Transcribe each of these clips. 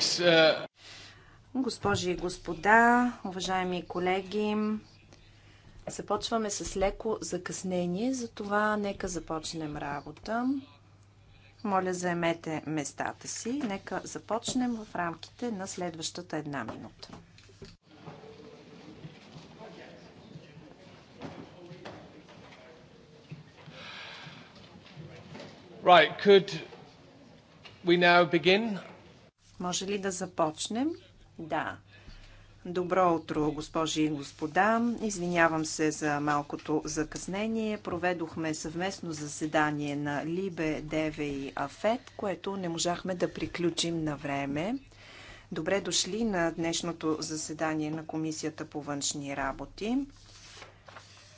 Uh, Госпожи и господа, уважаеми колеги, започваме с леко закъснение, затова нека започнем работа. Моля, заемете местата си. Нека започнем в рамките на следващата една минута. Right, could we now begin? Може ли да започнем? Да. Добро утро, госпожи и господа. Извинявам се за малкото закъснение. Проведохме съвместно заседание на Либе, Деве и Афет, което не можахме да приключим на време. Добре дошли на днешното заседание на Комисията по външни работи.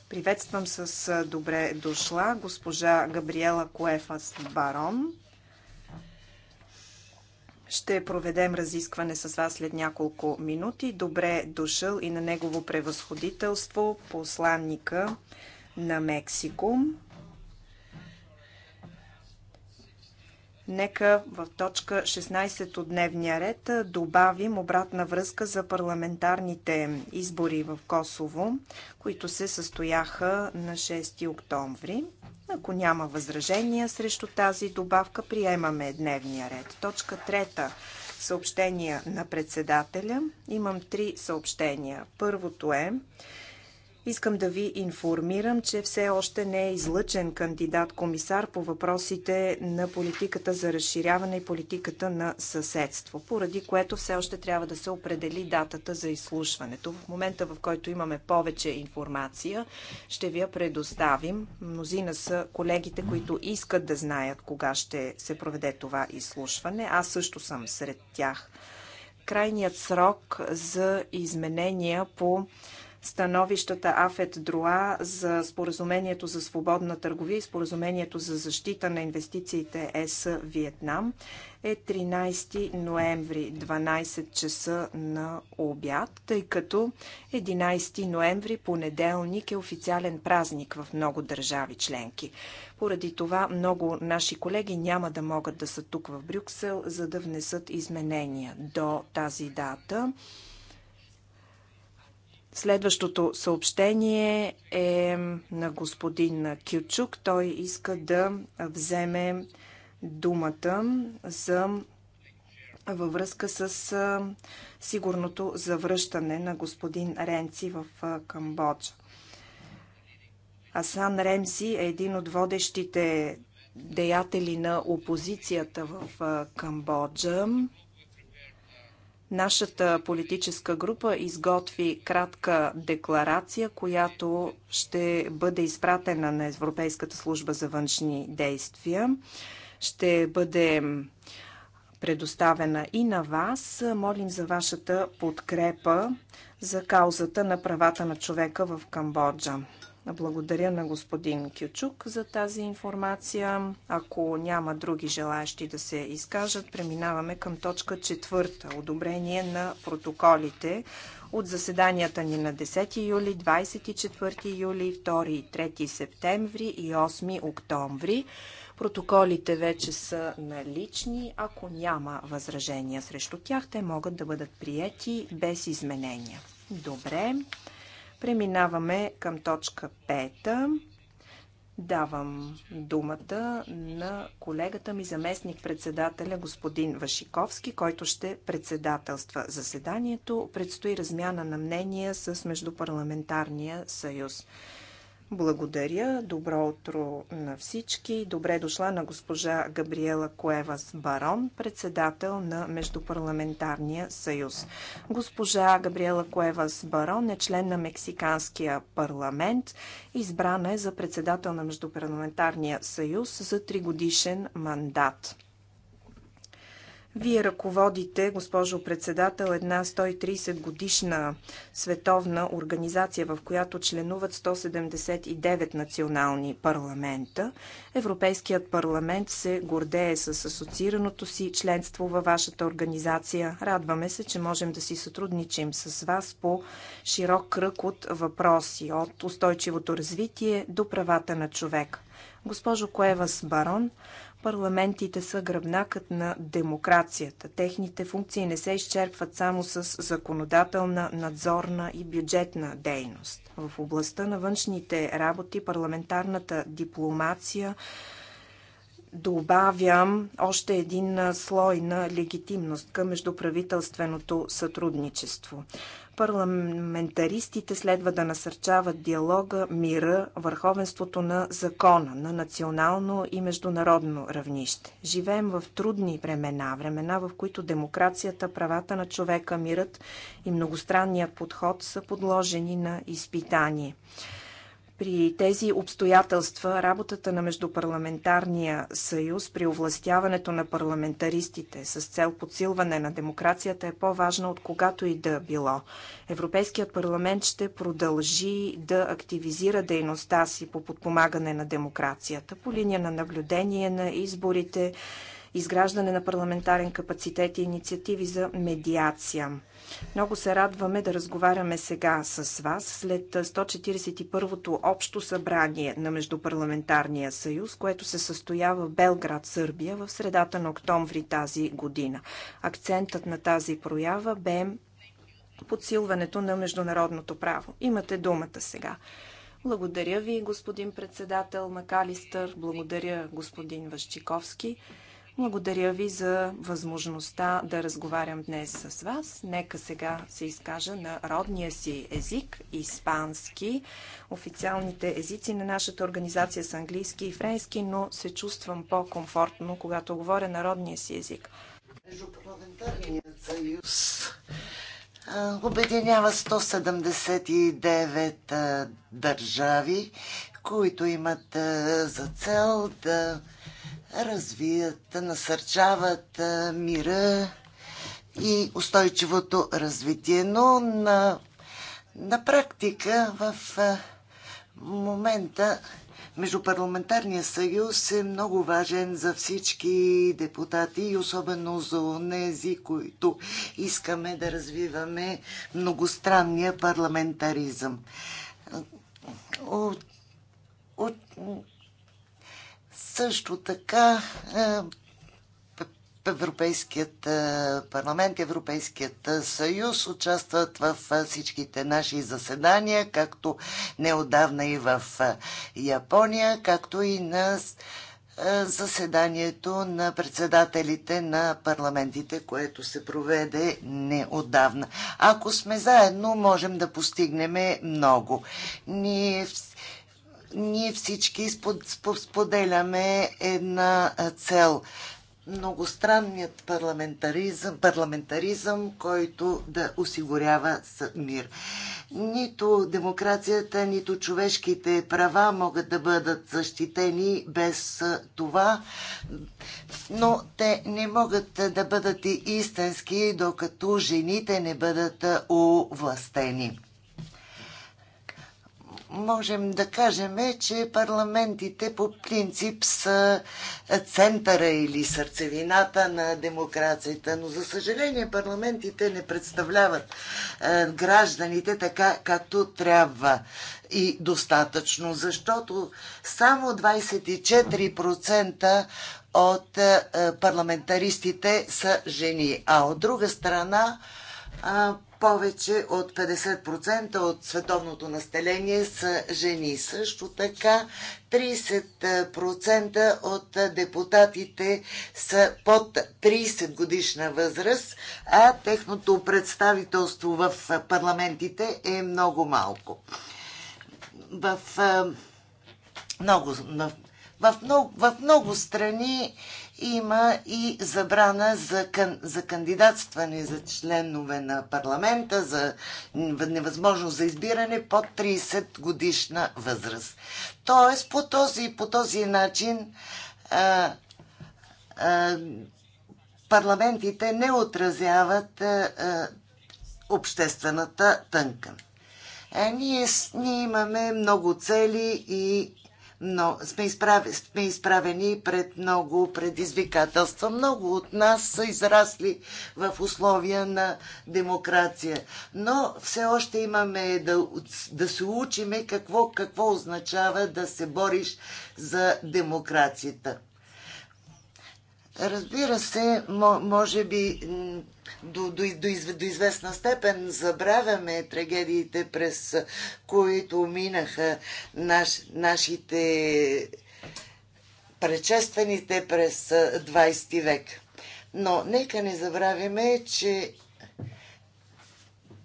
Приветствам с добре дошла госпожа Габриела Коефас Барон, ще проведем разискване с вас след няколко минути. Добре дошъл и на негово превъзходителство, посланника на Мексико. Нека в точка 16 от дневния ред добавим обратна връзка за парламентарните избори в Косово, които се състояха на 6 октомври. Ако няма възражения срещу тази добавка, приемаме дневния ред. Точка трета. Съобщения на председателя. Имам три съобщения. Първото е, Искам да ви информирам, че все още не е излъчен кандидат-комисар по въпросите на политиката за разширяване и политиката на съседство, поради което все още трябва да се определи датата за изслушването. В момента, в който имаме повече информация, ще ви я предоставим. Мнозина са колегите, които искат да знаят кога ще се проведе това изслушване. Аз също съм сред тях. Крайният срок за изменения по становищата Афет Друа за споразумението за свободна търговия и споразумението за защита на инвестициите ЕС Виетнам е 13 ноември 12 часа на обяд, тъй като 11 ноември понеделник е официален празник в много държави членки. Поради това много наши колеги няма да могат да са тук в Брюксел, за да внесат изменения до тази дата. Следващото съобщение е на господин Кючук. Той иска да вземе думата за във връзка с сигурното завръщане на господин Ренци в Камбоджа. Асан Ремси е един от водещите деятели на опозицията в Камбоджа. Нашата политическа група изготви кратка декларация, която ще бъде изпратена на Европейската служба за външни действия. Ще бъде предоставена и на вас. Молим за вашата подкрепа за каузата на правата на човека в Камбоджа. Благодаря на господин Кючук за тази информация. Ако няма други желаящи да се изкажат, преминаваме към точка четвърта. Одобрение на протоколите от заседанията ни на 10 юли, 24 юли, 2 и 3 септември и 8 октомври. Протоколите вече са налични. Ако няма възражения срещу тях, те могат да бъдат приети без изменения. Добре. Преминаваме към точка 5. Давам думата на колегата ми заместник председателя господин Вашиковски, който ще председателства заседанието. Предстои размяна на мнения с Междупарламентарния съюз. Благодаря. Добро утро на всички. Добре дошла на госпожа Габриела Коевас Барон, председател на Междупарламентарния съюз. Госпожа Габриела Коевас Барон е член на Мексиканския парламент. Избрана е за председател на Междупарламентарния съюз за тригодишен мандат. Вие ръководите, госпожо председател, една 130 годишна световна организация, в която членуват 179 национални парламента. Европейският парламент се гордее с асоциираното си членство във вашата организация. Радваме се, че можем да си сътрудничим с вас по широк кръг от въпроси, от устойчивото развитие до правата на човек. Госпожо Коевас Барон, Парламентите са гръбнакът на демокрацията. Техните функции не се изчерпват само с законодателна, надзорна и бюджетна дейност. В областта на външните работи парламентарната дипломация добавям още един слой на легитимност към междуправителственото сътрудничество. Парламентаристите следва да насърчават диалога, мира, върховенството на закона на национално и международно равнище. Живеем в трудни времена, времена в които демокрацията, правата на човека, мирът и многостранният подход са подложени на изпитание. При тези обстоятелства работата на Междупарламентарния съюз при овластяването на парламентаристите с цел подсилване на демокрацията е по-важна от когато и да било. Европейският парламент ще продължи да активизира дейността си по подпомагане на демокрацията по линия на наблюдение на изборите, изграждане на парламентарен капацитет и инициативи за медиация. Много се радваме да разговаряме сега с вас след 141-то общо събрание на Междупарламентарния съюз, което се състоя в Белград, Сърбия в средата на октомври тази година. Акцентът на тази проява бе подсилването на международното право. Имате думата сега. Благодаря ви, господин председател Макалистър. Благодаря, господин Вашчиковски. Благодаря ви за възможността да разговарям днес с вас. Нека сега се изкажа на родния си език испански. Официалните езици на нашата организация са английски и френски, но се чувствам по-комфортно, когато говоря на родния си език. Междупарламентарният съюз обединява 179 държави, които имат за цел да развият, насърчават мира и устойчивото развитие. Но на, на практика в момента Междупарламентарният съюз е много важен за всички депутати и особено за тези, които искаме да развиваме многостранния парламентаризъм. От, от, също така е, Европейският е, парламент, Европейският е, съюз участват в всичките наши заседания, както неодавна и в Япония, както и на заседанието на председателите на парламентите, което се проведе неодавна. Ако сме заедно, можем да постигнем много. Ние ние всички споделяме една цел многостранният парламентаризъм, парламентаризъм, който да осигурява мир. Нито демокрацията, нито човешките права могат да бъдат защитени без това, но те не могат да бъдат истински, докато жените не бъдат овластени можем да кажем, е, че парламентите по принцип са центъра или сърцевината на демокрацията, но за съжаление парламентите не представляват е, гражданите така, както трябва и достатъчно, защото само 24% от е, парламентаристите са жени, а от друга страна повече от 50% от световното население са жени. Също така 30% от депутатите са под 30 годишна възраст, а техното представителство в парламентите е много малко. В много, в, в, много, в много страни има и забрана за, кан, за кандидатстване за членове на парламента, за невъзможност за избиране под 30 годишна възраст. Тоест, по този, по този начин а, а, парламентите не отразяват а, обществената тънка. Е, ние, ние имаме много цели и но сме, изправи, сме изправени пред много предизвикателства. Много от нас са израсли в условия на демокрация, но все още имаме да, да се учиме какво, какво означава да се бориш за демокрацията. Разбира се, може би до, до, до, до известна степен забравяме трагедиите, през които минаха наш, нашите предшествените през 20 век. Но нека не забравяме, че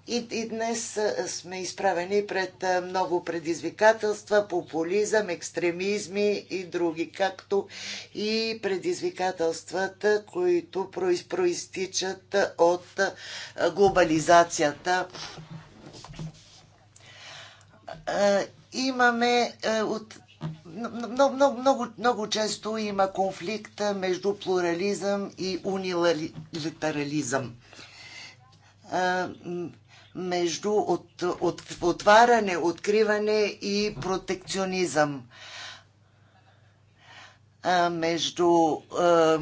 и, и днес сме изправени пред много предизвикателства, популизъм, екстремизми и други, както и предизвикателствата, които проистичат от глобализацията. Имаме от много, много, много, много често има конфликт между плурализъм и унилатерализъм между от, от, отваряне, откриване и протекционизъм. А, между а,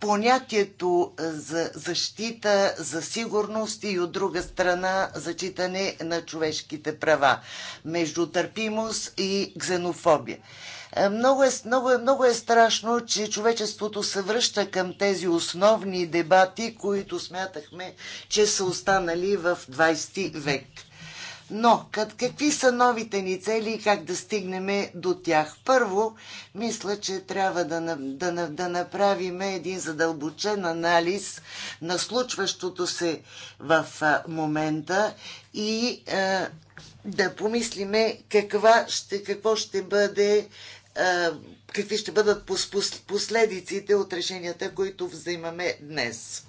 понятието за защита, за сигурност и от друга страна зачитане на човешките права, между търпимост и ксенофобия. Е, много е, много, е, много е страшно, че човечеството се връща към тези основни дебати, които смятахме, че са останали в 20 век. Но как, какви са новите ни цели и как да стигнем до тях? Първо, мисля, че трябва да, да, да направим един задълбочен анализ на случващото се в а, момента и а, да помислиме каква ще, какво ще бъде а, какви ще бъдат последиците от решенията, които взимаме днес.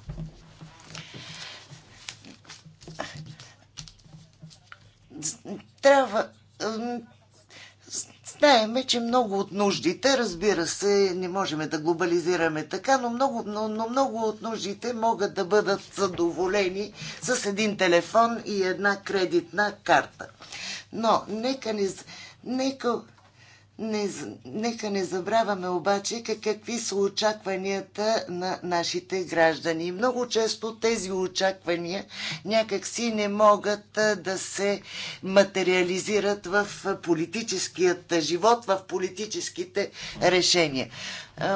трябва. Знаеме, че много от нуждите, разбира се, не можем да глобализираме така, но много, но, но много от нуждите могат да бъдат задоволени с един телефон и една кредитна карта. Но нека не. Нека, не, нека не забравяме обаче какви са очакванията на нашите граждани. Много често тези очаквания някакси не могат да се материализират в политическият живот, в политическите решения.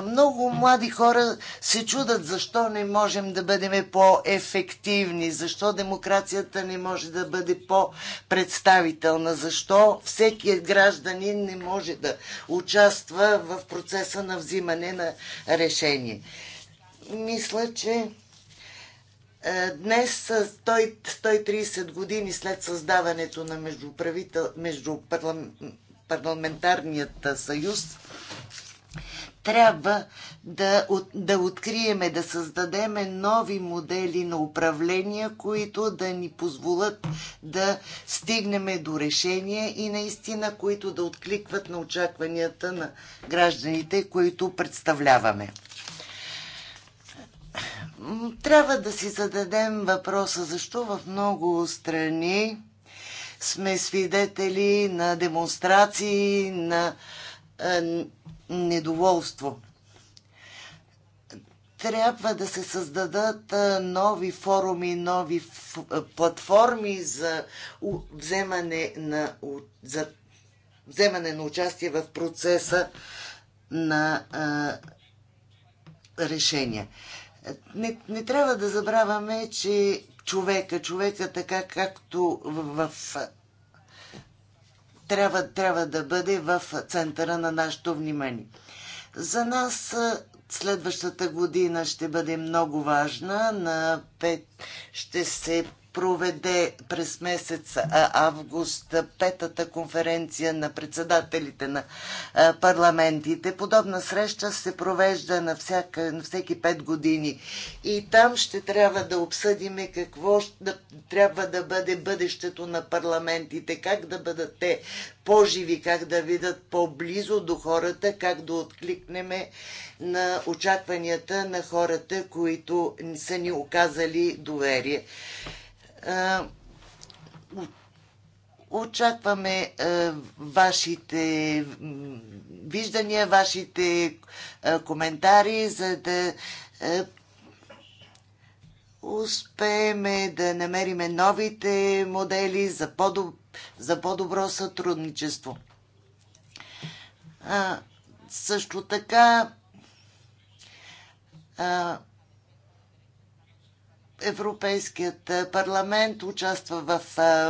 Много млади хора се чудат защо не можем да бъдем по-ефективни, защо демокрацията не може да бъде по-представителна, защо всеки гражданин не може да участва в процеса на взимане на решение. Мисля, че Днес, 130 години след създаването на междуправител... междупарламентарният съюз, трябва да, да откриеме, да създадеме нови модели на управление, които да ни позволят да стигнем до решения и наистина, които да откликват на очакванията на гражданите, които представляваме. Трябва да си зададем въпроса защо в много страни сме свидетели на демонстрации, на недоволство. Трябва да се създадат нови форуми, нови платформи за вземане на, за вземане на участие в процеса на а, решения. Не, не трябва да забравяме, че човека, човека така както в, в трябва, трябва да бъде в центъра на нашето внимание. За нас следващата година ще бъде много важна. На 5 ще се проведе през месец август петата конференция на председателите на парламентите. Подобна среща се провежда на, всяка, на всеки пет години. И там ще трябва да обсъдим какво да, трябва да бъде бъдещето на парламентите, как да бъдат те по-живи, как да видят по-близо до хората, как да откликнеме на очакванията на хората, които са ни оказали доверие. Очакваме а, вашите виждания, вашите а, коментари, за да успеем успееме да намериме новите модели за, по-доб... за по-добро сътрудничество. А, също така а, Европейският парламент участва в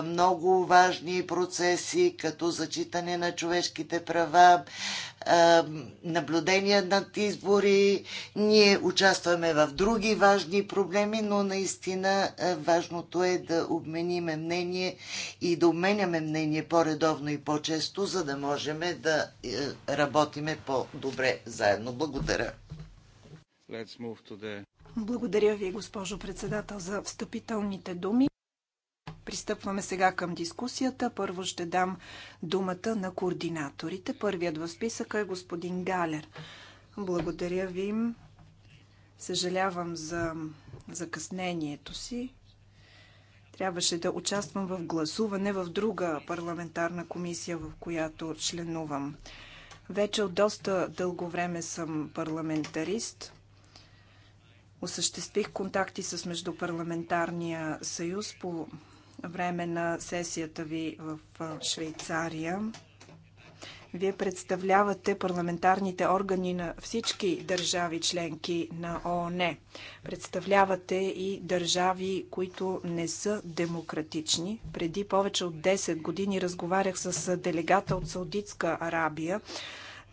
много важни процеси, като зачитане на човешките права, наблюдение над избори. Ние участваме в други важни проблеми, но наистина важното е да обмениме мнение и да обменяме мнение по-редовно и по-често, за да можем да е, работиме по-добре заедно. Благодаря. Let's move to the благодаря ви, госпожо председател, за встъпителните думи. Пристъпваме сега към дискусията. Първо ще дам думата на координаторите. Първият в списъка е господин Галер. Благодаря ви. Съжалявам за закъснението си. Трябваше да участвам в гласуване в друга парламентарна комисия, в която членувам. Вече от доста дълго време съм парламентарист – Осъществих контакти с Междупарламентарния съюз по време на сесията ви в Швейцария. Вие представлявате парламентарните органи на всички държави членки на ООН. Представлявате и държави, които не са демократични. Преди повече от 10 години разговарях с делегата от Саудитска Арабия,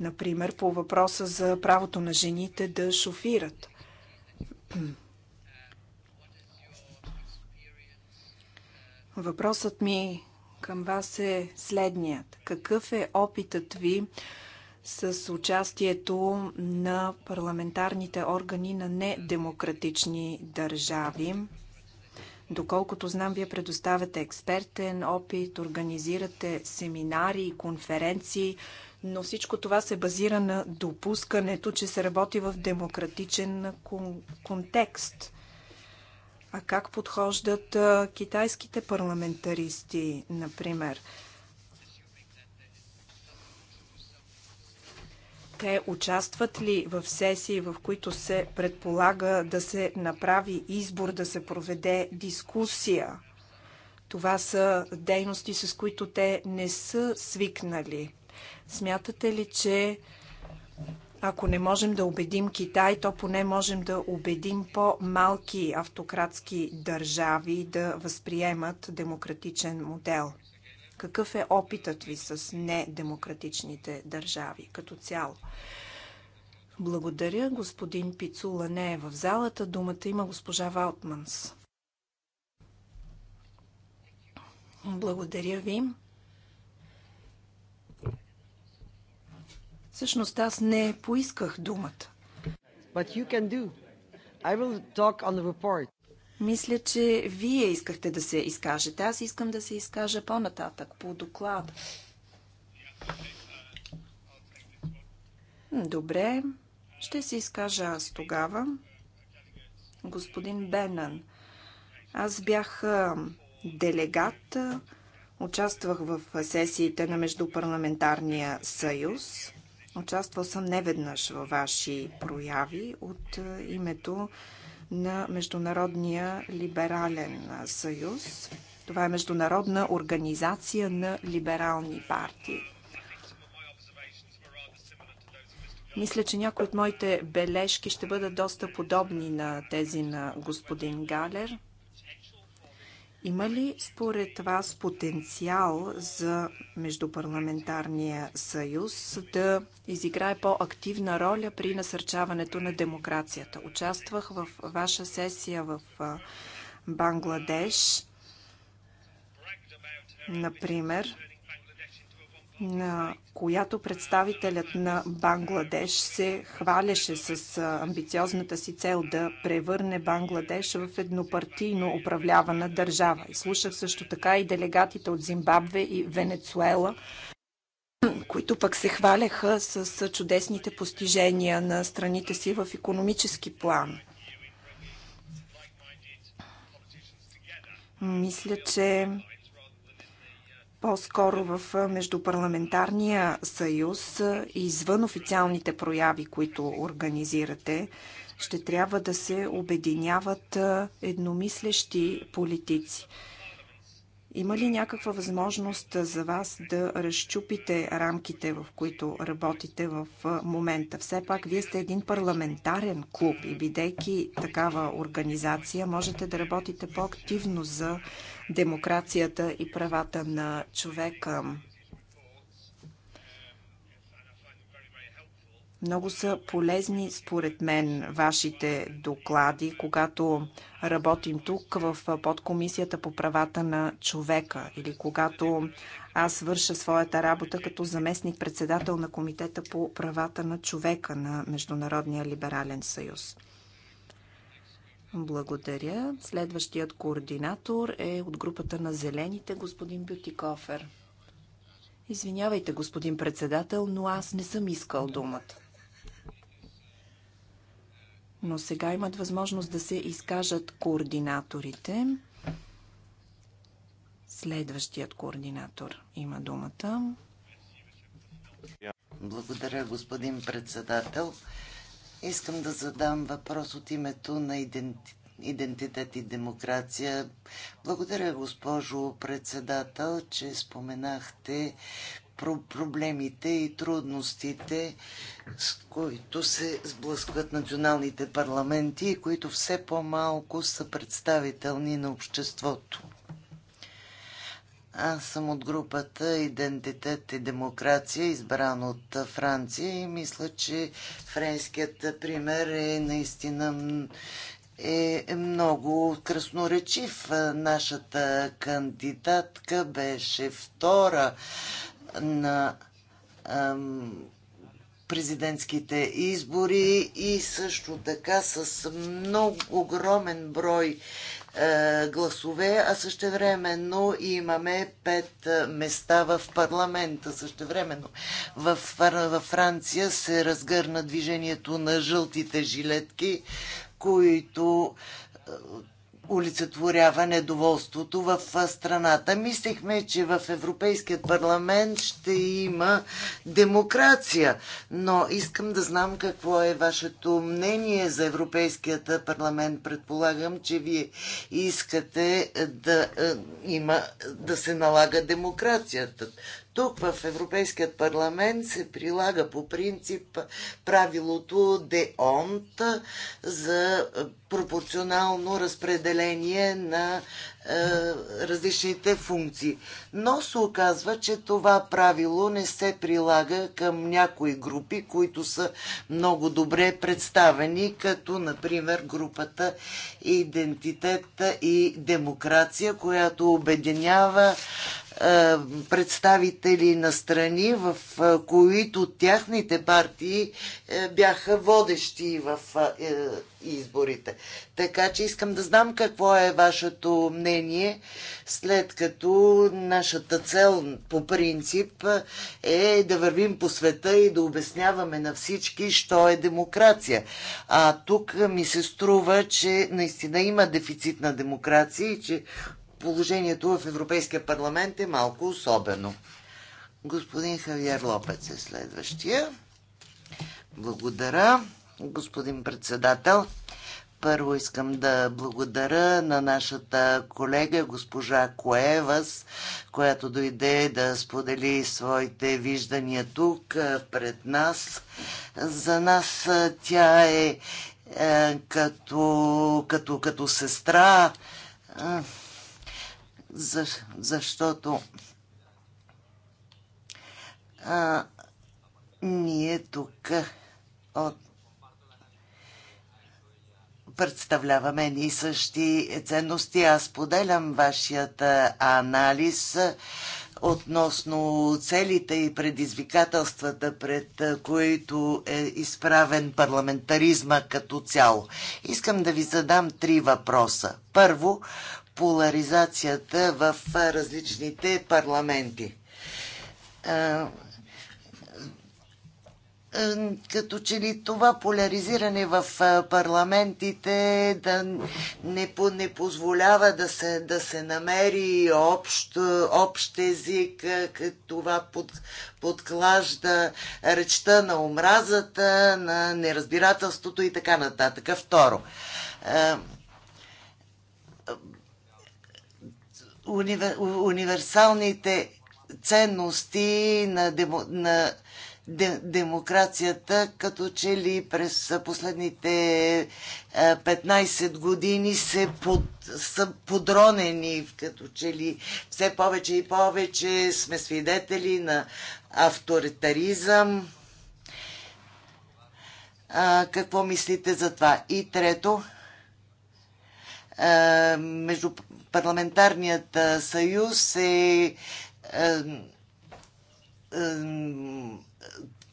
например, по въпроса за правото на жените да шофират. Въпросът ми към вас е следният. Какъв е опитът ви с участието на парламентарните органи на недемократични държави? Доколкото знам, вие предоставяте експертен опит, организирате семинари и конференции но всичко това се базира на допускането, че се работи в демократичен кон контекст. А как подхождат китайските парламентаристи, например? Те участват ли в сесии, в които се предполага да се направи избор, да се проведе дискусия? Това са дейности, с които те не са свикнали. Смятате ли, че ако не можем да убедим Китай, то поне можем да убедим по-малки автократски държави да възприемат демократичен модел? Какъв е опитът ви с недемократичните държави като цяло? Благодаря. Господин Пицула не е в залата. Думата има госпожа Валтманс. Благодаря ви. Всъщност аз не поисках думата. But you can do. I will talk on the report. Мисля, че вие искахте да се изкажете. Аз искам да се изкажа по-нататък, по доклад. Добре, ще се изкажа аз тогава. Господин Бенан, аз бях делегат, участвах в сесиите на Междупарламентарния съюз. Участвал съм неведнъж във ваши прояви от е, името на Международния либерален е, съюз. Това е Международна организация на либерални партии. Мисля, че някои от моите бележки ще бъдат доста подобни на тези на господин Галер. Има ли според вас потенциал за Междупарламентарния съюз да изиграе по-активна роля при насърчаването на демокрацията? Участвах в ваша сесия в Бангладеш, например на която представителят на Бангладеш се хвалеше с амбициозната си цел да превърне Бангладеш в еднопартийно управлявана държава. И слушах също така и делегатите от Зимбабве и Венецуела, които пък се хваляха с чудесните постижения на страните си в економически план. Мисля, че по-скоро в Междупарламентарния съюз, извън официалните прояви, които организирате, ще трябва да се обединяват едномислещи политици. Има ли някаква възможност за вас да разчупите рамките, в които работите в момента? Все пак вие сте един парламентарен клуб и бидейки такава организация, можете да работите по-активно за демокрацията и правата на човека. Много са полезни, според мен, вашите доклади, когато работим тук в подкомисията по правата на човека или когато аз върша своята работа като заместник-председател на Комитета по правата на човека на Международния либерален съюз. Благодаря. Следващият координатор е от групата на зелените, господин Бютикофер. Извинявайте, господин председател, но аз не съм искал думата. Но сега имат възможност да се изкажат координаторите. Следващият координатор има думата. Благодаря, господин председател. Искам да задам въпрос от името на идентитет и демокрация. Благодаря, госпожо председател, че споменахте про проблемите и трудностите, с които се сблъскват националните парламенти и които все по-малко са представителни на обществото. Аз съм от групата Идентитет и демокрация, избран от Франция и мисля, че френският пример е наистина е много красноречив. Нашата кандидатка беше втора на президентските избори и също така с много огромен брой е, гласове, а същевременно имаме пет е, места в парламента. Същевременно в, в Франция се разгърна движението на жълтите жилетки, които е, олицетворява недоволството в страната. Мислехме, че в Европейският парламент ще има демокрация, но искам да знам какво е вашето мнение за Европейският парламент. Предполагам, че вие искате да има, да се налага демокрацията. Тук в Европейският парламент се прилага по принцип правилото ДЕОНТ за пропорционално разпределение на е, различните функции. Но се оказва, че това правило не се прилага към някои групи, които са много добре представени, като например групата Идентитет и демокрация, която обединява е, представители на страни, в е, които тяхните партии бяха водещи в изборите. Така че искам да знам какво е вашето мнение, след като нашата цел по принцип е да вървим по света и да обясняваме на всички, що е демокрация. А тук ми се струва, че наистина има дефицит на демокрация и че положението в Европейския парламент е малко особено. Господин Хавиер Лопец е следващия. Благодаря господин председател. Първо искам да благодаря на нашата колега госпожа Коевас, която дойде да сподели своите виждания тук пред нас. За нас тя е, е като, като, като сестра, за, защото а, ние тук от представляваме и същи ценности. Аз поделям вашият анализ относно целите и предизвикателствата, пред които е изправен парламентаризма като цяло. Искам да ви задам три въпроса. Първо, поляризацията в различните парламенти е, като че ли това поляризиране в е, парламентите да не, не позволява да се, да се намери общ, общ език, е, това под, подклажда речта на омразата, на неразбирателството и така нататък. Второ, универсалните ценности на, демо, на демокрацията, като че ли през последните 15 е, години се под, са подронени, като че ли все повече и повече сме свидетели на авторитаризъм. А, какво мислите за това? И трето, а, е, между парламентарният е, съюз е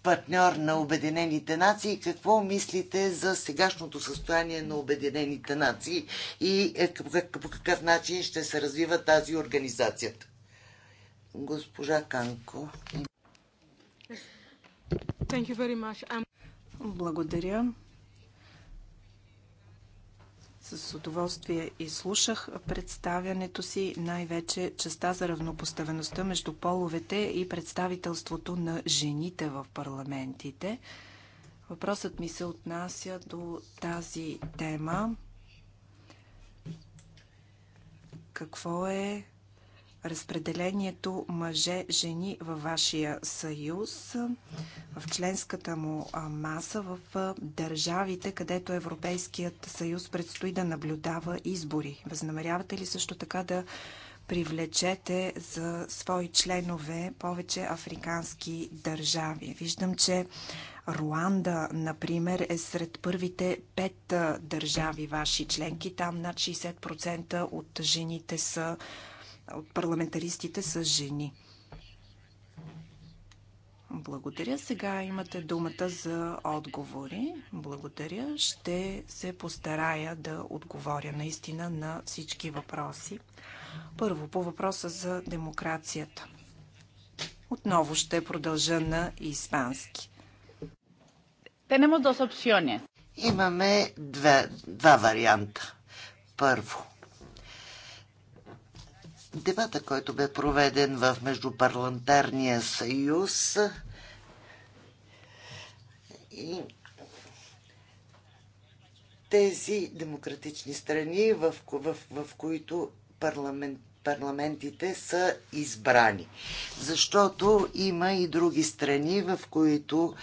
партньор на Обединените нации. Какво мислите за сегашното състояние на Обединените нации и е, по какъв начин ще се развива тази организацията? Госпожа Канко. Благодаря. С удоволствие и слушах представянето си, най-вече частта за равнопоставеността между половете и представителството на жените в парламентите. Въпросът ми се отнася до тази тема. Какво е разпределението мъже-жени във вашия съюз, в членската му маса, в държавите, където Европейският съюз предстои да наблюдава избори. Възнамерявате ли също така да привлечете за свои членове повече африкански държави? Виждам, че Руанда, например, е сред първите пет държави ваши членки. Там над 60% от жените са от парламентаристите са жени. Благодаря. Сега имате думата за отговори. Благодаря. Ще се постарая да отговоря наистина на всички въпроси. Първо, по въпроса за демокрацията. Отново ще продължа на испански. Имаме два, два варианта. Първо, Дебата, който бе проведен в Междупарламентарния съюз и тези демократични страни, в, в, в които парламент, парламентите са избрани. Защото има и други страни, в които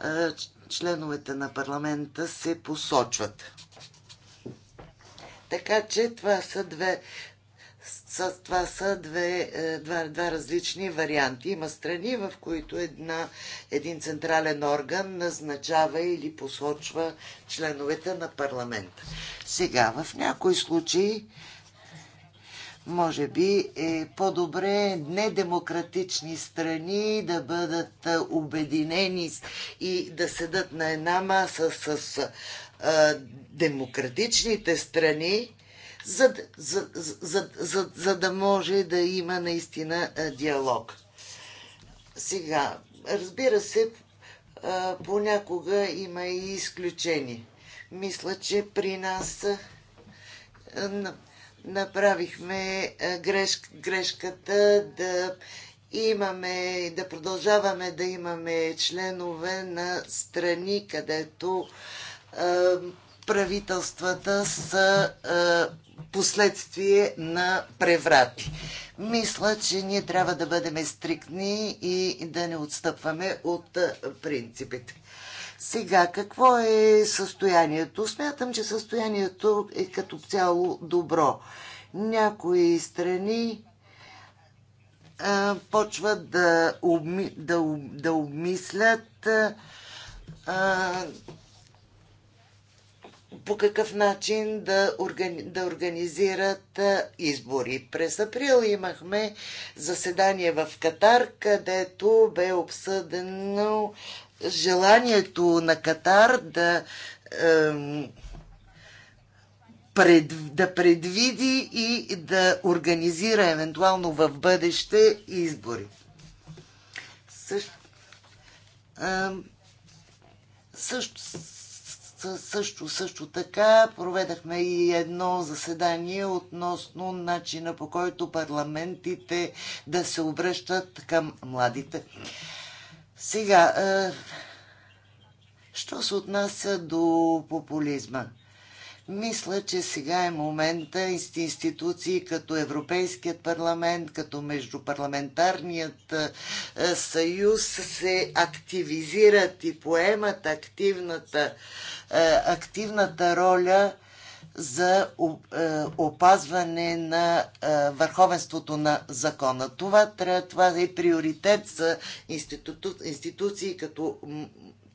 а, членовете на парламента се посочват. Така че това са две са, това са две, е, два, два различни варианти. Има страни, в които една, един централен орган назначава или посочва членовете на парламента. Сега, в някои случаи, може би е по-добре недемократични страни да бъдат е, обединени и да седат на една маса с, с е, демократичните страни, за, за, за, за, за да може да има наистина диалог. Сега, разбира се, понякога има и изключени. Мисля, че при нас направихме греш, грешката да имаме, и да продължаваме да имаме членове на страни, където правителствата са е, последствие на преврати. Мисля, че ние трябва да бъдем стриктни и да не отстъпваме от е, принципите. Сега, какво е състоянието? Смятам, че състоянието е като цяло добро. Някои страни а, е, почват да, обми, да, да обмислят а, по какъв начин да, органи, да организират избори. През април имахме заседание в Катар, където бе обсъдено желанието на Катар да, ем, пред, да предвиди и да организира евентуално в бъдеще избори. Също, ем, също също, също така проведахме и едно заседание относно начина по който парламентите да се обръщат към младите. Сега, е, що се отнася до популизма? Мисля, че сега е момента институции като Европейският парламент, като Междупарламентарният е, е, съюз се активизират и поемат активната, е, активната роля за опазване на върховенството на закона. Това, това е приоритет за институ, институции като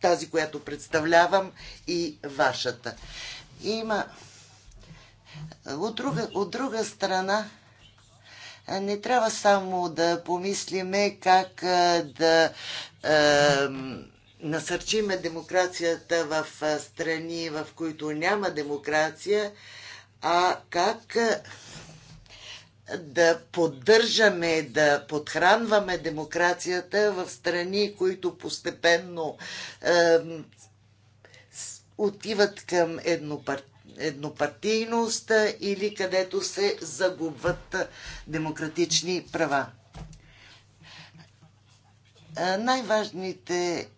тази, която представлявам и вашата. Има. От друга, от друга страна, не трябва само да помислиме как да е, насърчиме демокрацията в страни, в които няма демокрация, а как да поддържаме, да подхранваме демокрацията в страни, които постепенно е, отиват към еднопар... еднопартийност или където се загубват демократични права. Най-важните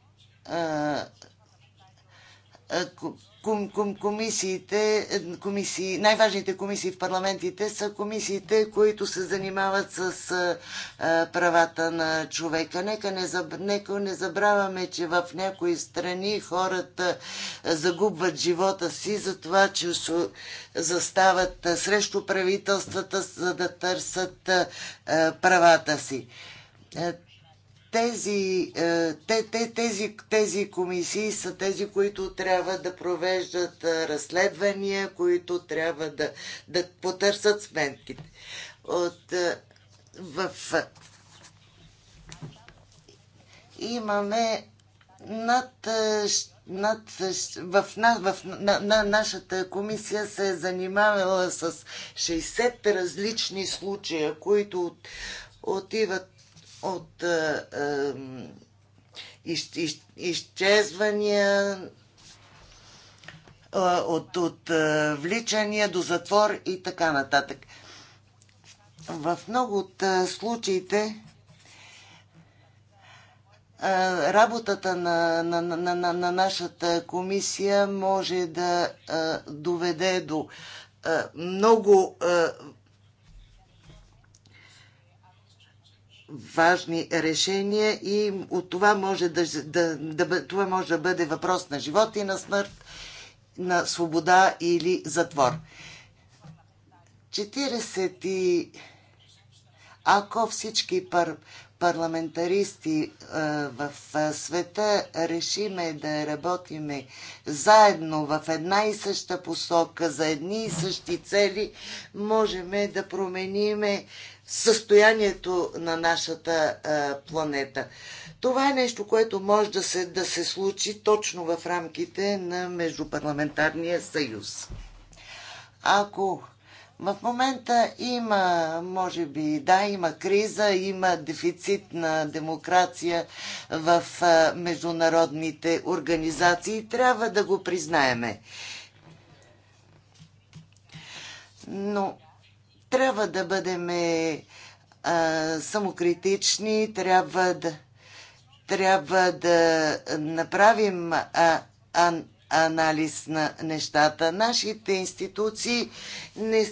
ком, ком, комисиите, е, комисии, най-важните комисии в парламентите са комисиите, които се занимават с а, е, е, правата на човека. Нека не, заб, нека не забравяме, че в някои страни хората загубват живота си за това, че застават срещу правителствата, за да търсят а, правата си тези, е, те, те, тези, тези комисии са тези, които трябва да провеждат е, разследвания, които трябва да, да потърсят сметките. От, е, в, имаме над, над, в, на, в на, на, нашата комисия се е занимавала с 60 различни случая, които отиват от а, е, а, е, из, из, изчезвания, а, е, от, от а, вличания до затвор и така нататък. В много от а, случаите работата на, на, на, на, на нашата комисия може да а, доведе до а, много а, важни решения и от това може да, да, да, това може да бъде въпрос на живот и на смърт, на свобода или затвор. 40 и... Ако всички пар, парламентаристи е, в е, света решиме да работиме заедно в една и съща посока, за едни и същи цели, можем да промениме състоянието на нашата а, планета. Това е нещо, което може да се, да се случи точно в рамките на Междупарламентарния съюз. Ако в момента има, може би, да, има криза, има дефицит на демокрация в а, международните организации. Трябва да го признаеме. Но трябва да бъдем е, а, самокритични, трябва да, трябва да направим а, а, анализ на нещата. Нашите институции не,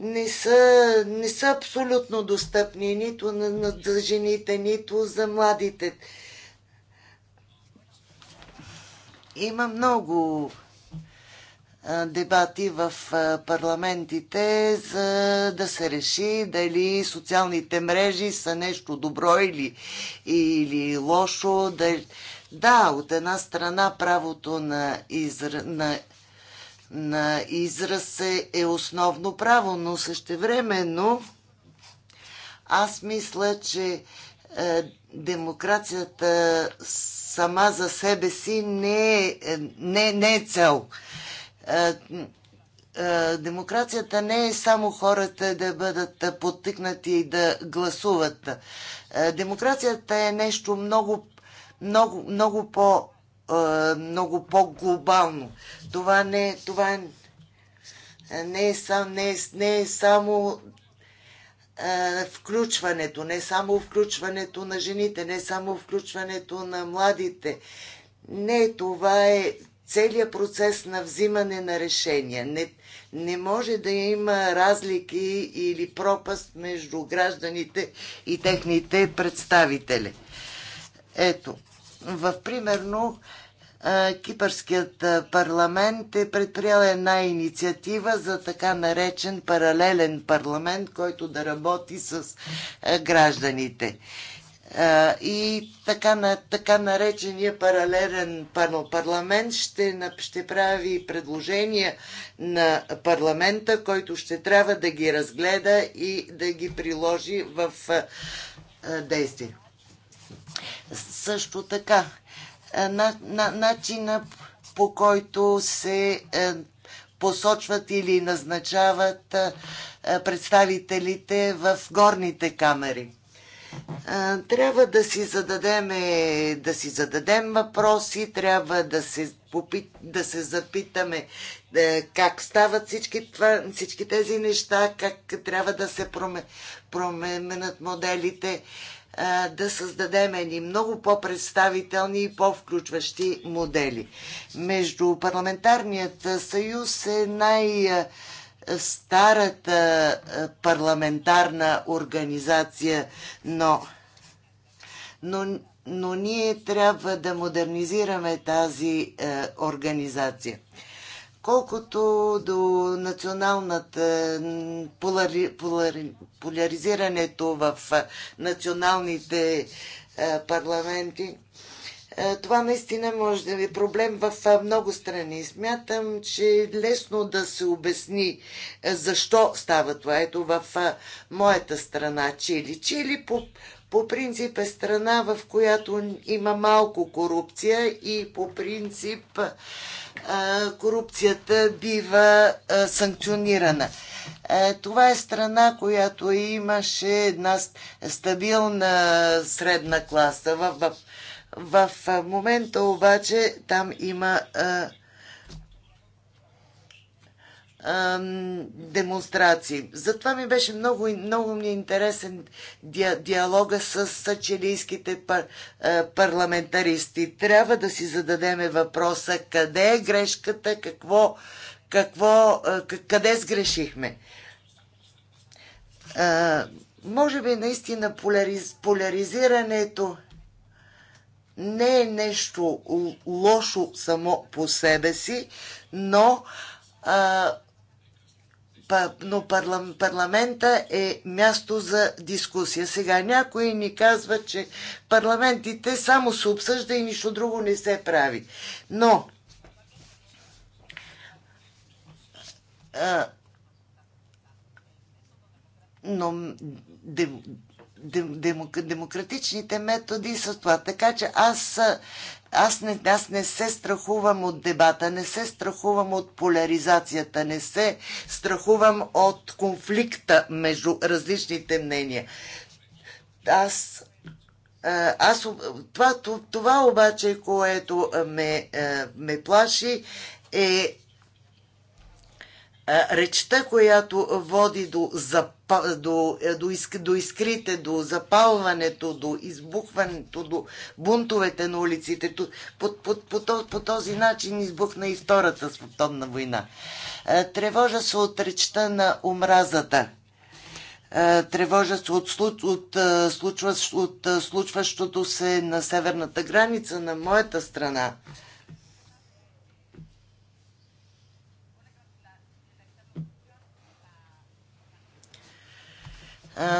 не, са, не са абсолютно достъпни нито на, на, за жените, нито за младите. Има много дебати в парламентите, за да се реши дали социалните мрежи са нещо добро или, или лошо. Дали... Да, от една страна правото на, изр... на... на израз е, е основно право, но същевременно аз мисля, че е, демокрацията сама за себе си не е, не, не е цел. Е, е, демокрацията не е само хората да бъдат е, подтикнати и да гласуват. Демокрацията е нещо много, много, много по- много по-глобално. Това не, това не е, сам, не е, не е само включването, не само включването на жените, не само включването на младите. Не, това е целият процес на взимане на решения. Не, не може да има разлики или пропаст между гражданите и техните представители. Ето, в примерно Кипърският парламент е предприял една инициатива за така наречен паралелен парламент, който да работи с гражданите и така, на, така наречения паралелен парламент ще, ще прави предложения на парламента, който ще трябва да ги разгледа и да ги приложи в действие. Също така, на, на, начина по който се посочват или назначават представителите в горните камери – трябва да си зададем, да си зададем въпроси, трябва да се, попит, да се запитаме да, е, как стават всички, това, всички тези неща, как трябва да се променят моделите, а, да създадем едни много по-представителни и по-включващи модели. Между парламентарният съюз е най- старата е, парламентарна организация, но, но, но ние трябва да модернизираме тази е, организация. Колкото до националната полари, полари, поляризирането в е, националните парламенти, е, това наистина може да е проблем в е, много страни. Смятам, че е лесно да се обясни е, защо става това. Ето в моята страна Чили. Чили по, по принцип е страна, в която има малко корупция и по принцип корупцията бива санкционирана. Това е страна, която имаше една стабилна средна класа. В, в в момента обаче там има а, а, демонстрации. Затова ми беше много, много ми е интересен диалога с, чилийските пар, парламентаристи. Трябва да си зададеме въпроса къде е грешката, какво, какво, а, къде сгрешихме. А, може би наистина поляриз, поляризирането не е нещо лошо само по себе си, но, а, па, но парлам, парламента е място за дискусия. Сега някой ни казва, че парламентите само се обсъжда и нищо друго не се прави. Но а, но демократичните методи са това. Така че аз, аз, не, аз не се страхувам от дебата, не се страхувам от поляризацията, не се страхувам от конфликта между различните мнения. Аз аз, това, това обаче, което ме, ме плаши, е е, речта, която води до, запа, до, е, до, иск, до искрите, до запалването, до избухването, до бунтовете на улиците. По, по, по, по този начин избухна и Втората световна война. Е, тревожа се от речта на омразата. Тревожа се от, от, от, случващ, от случващото се на северната граница на моята страна.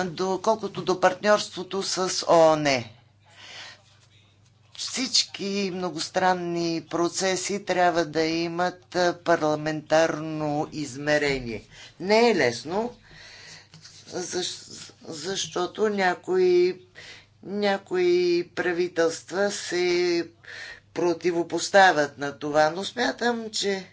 доколкото до партньорството с ООН. Всички многостранни процеси трябва да имат парламентарно измерение. Не е лесно, защото някои, някои правителства се противопоставят на това, но смятам, че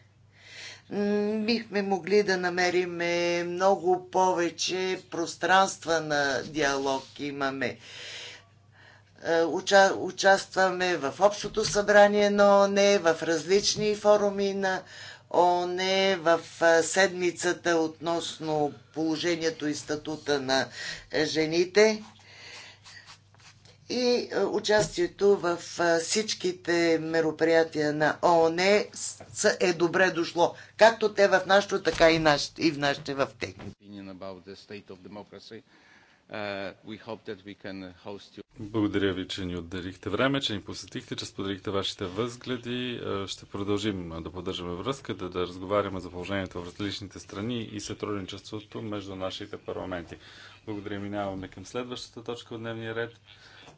бихме могли да намерим много повече пространства на диалог. Имаме е, уча, участваме в Общото събрание на ОНЕ, в различни форуми на ОНЕ, в е, седмицата относно положението и статута на жените и е, участието в е, всичките мероприятия на ООН е добре дошло. Както те в нашото, така и, нашите, и в нашите в техните. Uh, uh, Благодаря ви, че ни отделихте време, че ни посетихте, че споделихте вашите възгледи. Е, ще продължим да поддържаме връзка, да, да разговаряме за положението в различните страни и сътрудничеството между нашите парламенти. Благодаря, минаваме към следващата точка от дневния ред.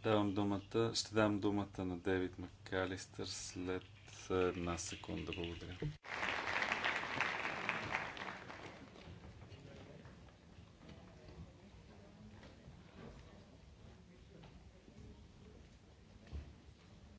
Давам думата, ще дам думата на Девид Макалистър след една секунда. Благодаря.